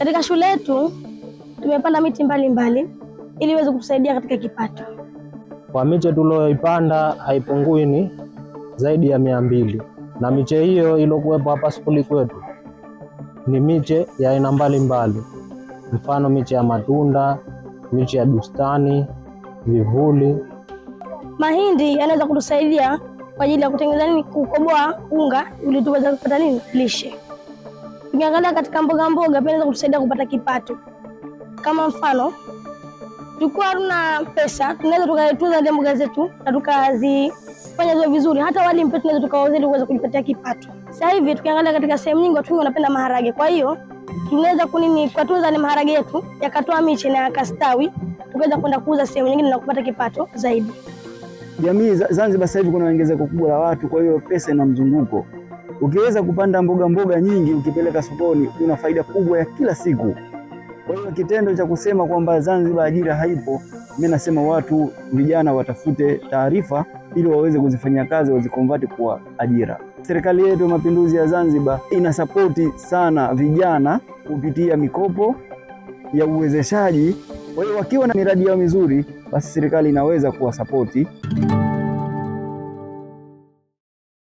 Katika shule yetu tumepanda miti mbalimbali ili iweze kutusaidia katika kipato. Kwa miche tuliyoipanda haipungui ni zaidi ya mia mbili na miche hiyo iliyokuwepo hapa skuli kwetu ni miche ya aina mbalimbali, mfano miche ya matunda, miche ya bustani, vivuli. Mahindi yanaweza kutusaidia kwa ajili ya kutengeneza nini, kukoboa unga ili tuweze kupata nini, lishe. Tukiangalia katika mboga mboga pia inaweza kutusaidia kupata kipato. Kama mfano, tukiwa hatuna pesa, tunaweza tukatunza zile mboga zetu na tukazifanya ziwe vizuri. Hata wali mpya tunaweza tukauza ili uweze kujipatia kipato. Sasa hivi tukiangalia katika sehemu nyingi watu wanapenda maharage. Kwa hiyo tunaweza kunini kutunza ni maharage yetu yakatoa miche na yakastawi, tukaweza kwenda kuuza sehemu nyingine na kupata kipato zaidi. Jamii Zanzibar sasa hivi kuna ongezeko kubwa la watu, kwa hiyo pesa ina mzunguko. Ukiweza kupanda mboga mboga nyingi ukipeleka sokoni, una faida kubwa ya kila siku. Kwa hiyo kitendo cha kusema kwamba Zanzibar ajira haipo, mimi nasema watu vijana watafute taarifa ili waweze kuzifanyia kazi, wazikonvati kuwa ajira. Serikali yetu ya Mapinduzi ya Zanzibar inasapoti sana vijana kupitia mikopo ya uwezeshaji. Kwa hiyo wakiwa na miradi yao mizuri, basi serikali inaweza kuwasapoti.